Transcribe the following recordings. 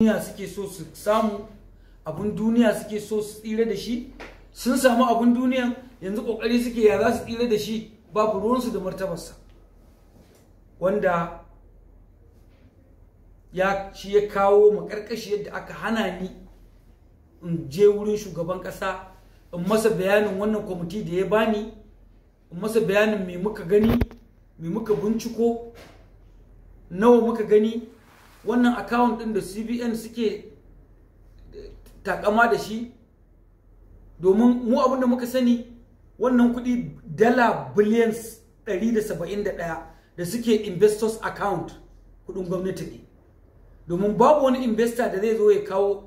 duniya suke so su samu abun duniya suke so su tsira da shi sun samu abun duniya yanzu kokari suke ya za su tsira da shi babu su da martabarsa wanda ya shi ya kawo makarkashi yadda aka hana ni in je wurin shugaban kasa in masa bayanin wannan kwamiti da ya bani in masa bayanin me muka gani me muka binciko nawa muka gani wannan account din da cbn suke eh, takama da shi domin mu abinda muka sani wannan kudi dala billions 171 da suke investors account kudin gwamnati ne domin babu wani investor da zai zo ya kawo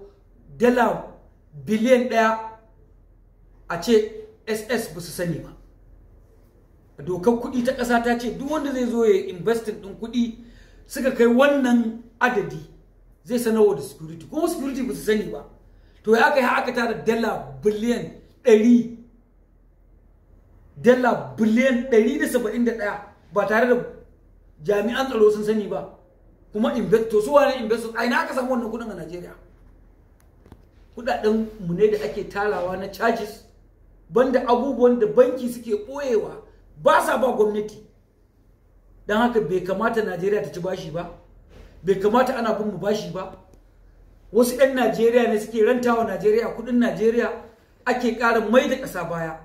dala biliyan daya a ce ss ba su sani ba dokar kudi ta kasa ta ce duk wanda zai zo ya investin din kudi suka kai wannan adadi zai sanarwa da security kuma security ba su sani ba to ya kai aka tara dala biliyan ɗari dala biliyan ɗari da saba'in da ɗaya ba tare da jami'an tsaro sun sani ba kuma to su wane investors a ina aka samu wannan kudin a Najeriya kudaden mu ne da ake talawa na charges banda abubuwan da banki suke ɓoyewa ba sa ba gwamnati dan haka bai kamata najeriya ta ci bashi ba bai kamata ana bin mu bashi ba wasu 'yan najeriya ne suke rantawa najeriya kudin najeriya ake ƙara mai da ƙasa baya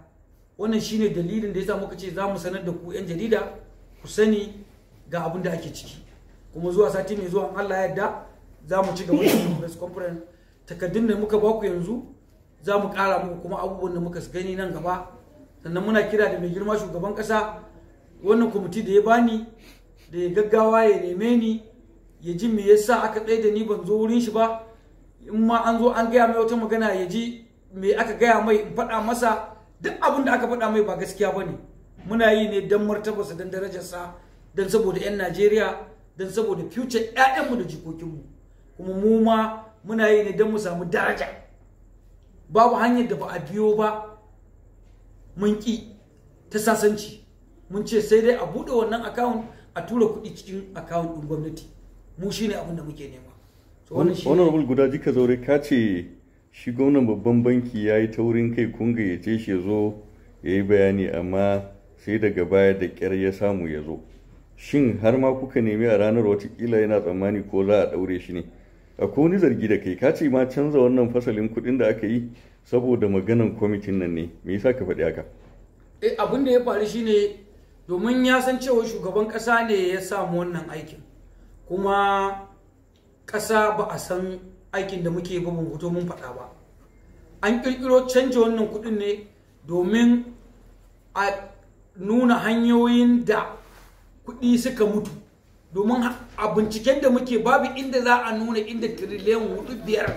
wannan shine dalilin da ya sa muka ce za mu sanar da ku 'yan jarida ku sani ga abin da ake ciki kuma zuwa sati mai zuwa allah yadda za mu ci gaba da press conference takardun da muka baku yanzu za mu ƙara muku kuma abubuwan da muka gani nan gaba sannan muna kira da mai girma shugaban ƙasa wannan kwamiti da ya bani da ya gaggawa ya neme ni ya ji me yasa aka tsaye da ni ban zo wurin shi ba in ma an zo an gaya mai wata magana ya ji me aka gaya mai in faɗa masa duk abin da aka faɗa mai ba gaskiya ba ne muna yi ne don martabarsa don darajarsa don saboda 'yan najeriya don saboda future 'ya'yanmu da jikokinmu kuma mu ma muna yi ne don mu samu daraja babu hanyar da ba a biyo ba mun ƙi ta sasanci mun ce sai dai a buɗe wannan account a tura kuɗi cikin account ɗin gwamnati mu shine abin da muke nema wannan rubul guda jika zaure ka ce shi gwamnan babban banki ya yi taurin kai kun gayyace shi ya zo ya yi bayani amma sai daga baya da ƙyar ya samu ya zo shin har ma kuka nemi a ranar watakila yana tsammani ko za a ɗaure shi ne akwai wani zargi da kai ka ce ma canza wannan fasalin kuɗin da aka yi saboda maganan kwamitin nan ne me yasa ka faɗi haka eh abin da ya faru shine domin ya san cewa shugaban kasa ne ya samu wannan aikin kuma kasa ba a san aikin da muke ba mun fito mun faɗa ba an ƙirƙiro canje wannan kuɗin ne domin a nuna hanyoyin da kuɗi suka mutu domin a binciken da muke babu inda za a nuna inda tiriliyan hudu biyar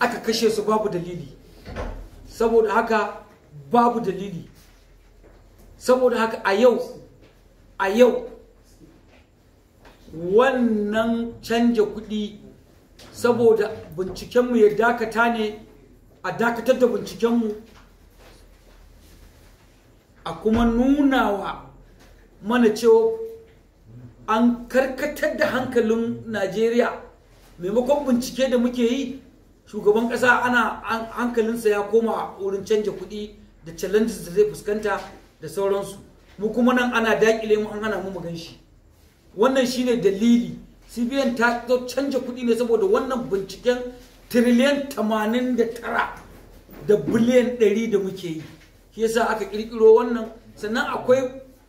aka kashe su babu dalili saboda haka babu dalili saboda haka a yau a yau wannan canja kuɗi saboda bincikenmu ya dakata ne a dakatar da bincikenmu a kuma nunawa mana cewa an karkatar da hankalin najeriya maimakon bincike da muke yi shugaban ƙasa ana hankalinsa ya koma wurin canja kuɗi da challenges da zai fuskanta da sauransu mu kuma nan ana dakile mu an hana mu magan shi wannan shine dalili cbn ta canja kuɗi ne saboda wannan binciken tiriliyan 89 da biliyan 100 da muke yi shi yasa aka kirkiro wannan sannan akwai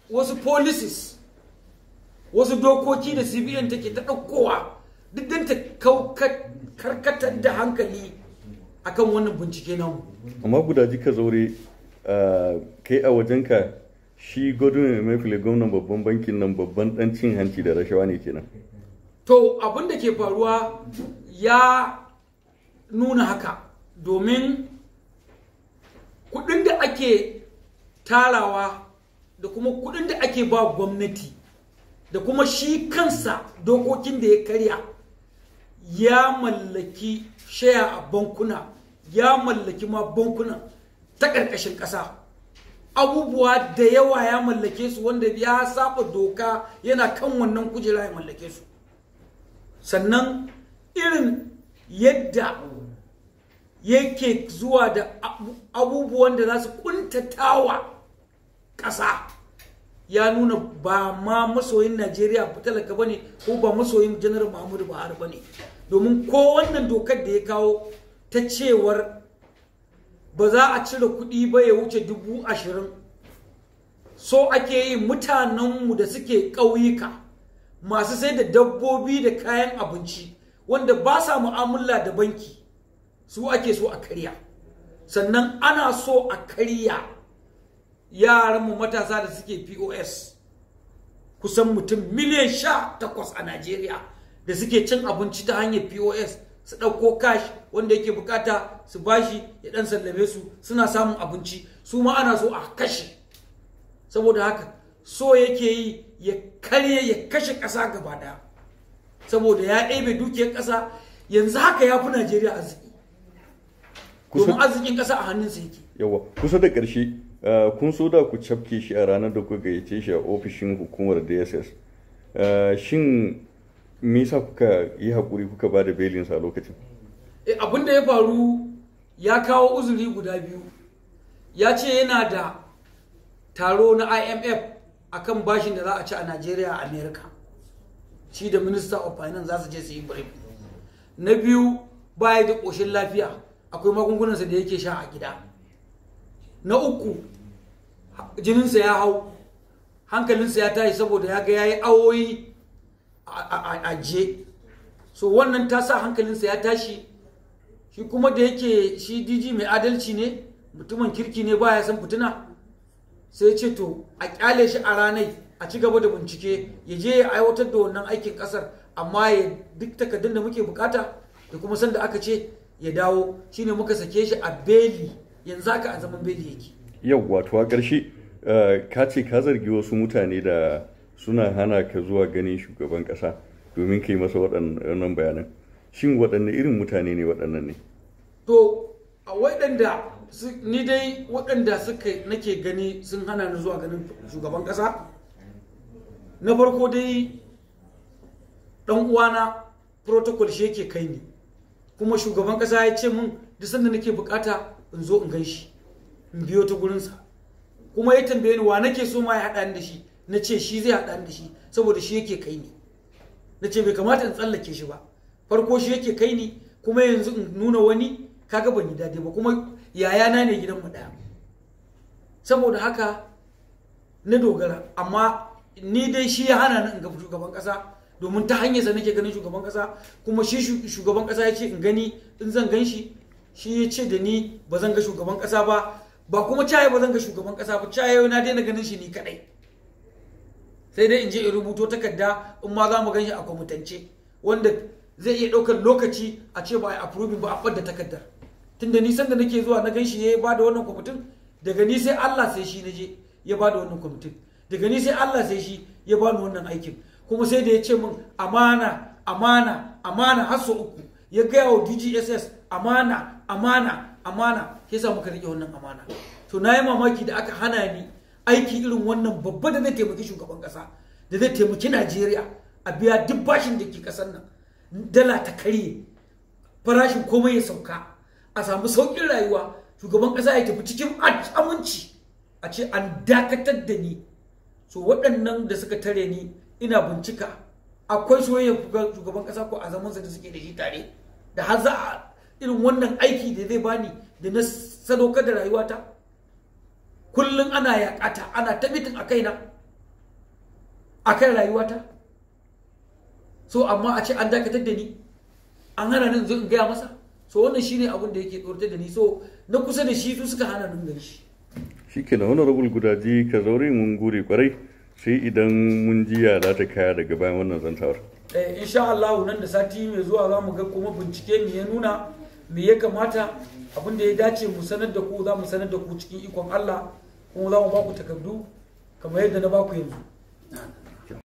wasu policies wasu dokoki da cbn take ta ɗaukowa duk dan ta karkatar da hankali akan wannan bincike namu amma gudaji ka zaure ah, kai a wajenka shi mai emefiele gwamnan babban bankin nan babban dan cin hanci da rashawa ne kenan to abin da ke faruwa ya nuna haka domin kudin da ake tarawa da kuma kudin da ake ba gwamnati da kuma shi kansa dokokin da ya karya ya mallaki shaya a bankuna ya mallaki ma bankuna ta ƙarƙashin ƙasa abubuwa da yawa ya mallake su wanda ya saba doka yana kan wannan kujera ya mallake su sannan irin yadda yake zuwa da abubuwan da za su kuntatawa ƙasa ya nuna ba ma masoyin najeriya talaka ba ne ko ba masoyin janar muhammadu buhari ba ne domin ko wannan dokar da ya kawo ta cewar ba za a cire kuɗi ba ya wuce dubu ashirin so ake yi mutanenmu da suke ƙauyuka masu sai da dabbobi da kayan abinci wanda ba sa mu'amala da banki su ake so a karya sannan ana so a karya yaranmu matasa da suke pos kusan mutum miliyan sha takwas a najeriya da suke cin abinci ta hanyar pos su ɗauko cash wanda yake bukata su bashi ya ɗan sallame su suna samun abinci su ma ana so a kashe saboda haka so yake yi ya karye ya kashe ƙasa gaba ɗaya saboda ya ɗebe dukiyar ƙasa yanzu haka ya fi najeriya arziki domin arzikin ƙasa a hannunsa yake yawa kusa da ƙarshe eh, kun so da ku cafke shi a ranar da kuka gayyace shi a ofishin hukumar dss eh, shin me yasa kuka yi hakuri kuka ba da belinsa a lokacin eh, abin da ya faru ya kawo uzuri guda biyu ya ce yana da taro na imf akan bashin da za a ci a najeriya a america shi da minister of finance za su je su yi brief na biyu baya da ƙoshin lafiya akwai magungunansa da yake sha a gida na uku jininsa ya hau hankalinsa ya tashi saboda ya ga ya yi awoyi a je so wannan ta sa hankalinsa ya tashi shi kuma da yake shi dj mai adalci ne mutumin kirki ne ba ya san fituna sai ce to a kyale shi a ranai a ci gaba da bincike ya je ya aiwatar da wannan aikin kasar amma ya duk takardun da muke bukata da kuma sanda aka ce ya dawo shi ne muka sake shi a beli yanzu aka a zaman beli yake yau wato a ƙarshe eh, ka ce ka zargi wasu mutane da suna hana ka zuwa ganin shugaban kasa domin ka yi masa waɗannan bayanan shin waɗanne irin mutane ne waɗannan ne to a waɗanda ni dai waɗanda suka nake gani sun hana ni zuwa ganin shugaban kasa na farko dai ɗan uwana protocol shi yake kai ni kuma shugaban ƙasa ya ce min duk sanda nake bukata in zo in gan in biyo ta gurinsa kuma ya tambaye ni wa nake so ma ya haɗa ni da shi na ce shi zai haɗa da shi saboda shi yake kai ni na ce bai kamata in tsallake shi ba farko shi yake kai ni kuma yanzu in nuna wani kaga ban yi daɗi ba kuma yayana ne gidan mu ɗaya saboda haka na dogara amma ni dai shi ya hana ni in ga shugaban ƙasa domin ta sa nake ganin shugaban ƙasa kuma shi shugaban ƙasa ya ce in gani in zan gan shi shi ya ce da ni ba zan ga shugaban ƙasa ba ba kuma caye ba zan ga shugaban ƙasa ba caye na daina ganin shi ni kaɗai sai dai in je in rubuto takarda in ma za mu ganshi a kwamitance wanda zai iya ɗaukar lokaci a ce ba a approving ba a ɓadda takardar tunda nisan da nake zuwa na ganshi shi ya ba da wannan kwamitin daga ni sai Allah sai shi na je ya ba da wannan kwamitin daga ni sai Allah sai shi ya ba ni wannan aikin kuma sai da ya ce min amana amana amana har sau uku ya gaya wa DGSS amana amana amana ya sa muka rike wannan amana to na yi mamaki da aka hana ni aiki irin wannan babba da zai taimaki shugaban kasa da zai taimaki Najeriya a biya duk bashin da ke kasar nan dala ta karye farashin komai ya sauka a samu saukin rayuwa shugaban kasa ya tafi cikin aminci a ce an dakatar da ni so waɗannan da suka tare ni ina bincika akwai soyayya shugaban kasa ko a zamansa da suke da shi tare da har za a irin wannan aiki da zai bani da na sadaukar da rayuwata kullum ana yakata ana ta a kaina a kan rayuwata so amma a ce an dakatar da ni an hana nan zan gaya masa so wannan shine abin da yake tsoratar da ni so na kusa da shi su suka hana nan shi shi shikenan wannan rabul gudaji ka zaure mun gure kwarai sai idan mun ji za ta kaya daga bayan wannan zantawar eh insha Allah nan da sati mai zuwa za mu ga kuma bincike mu ya nuna me ya kamata abin da ya dace mu sanar da ku za mu sanar da ku cikin ikon Allah kuma za mu ba ku takardu kamar yadda na ba ku yanzu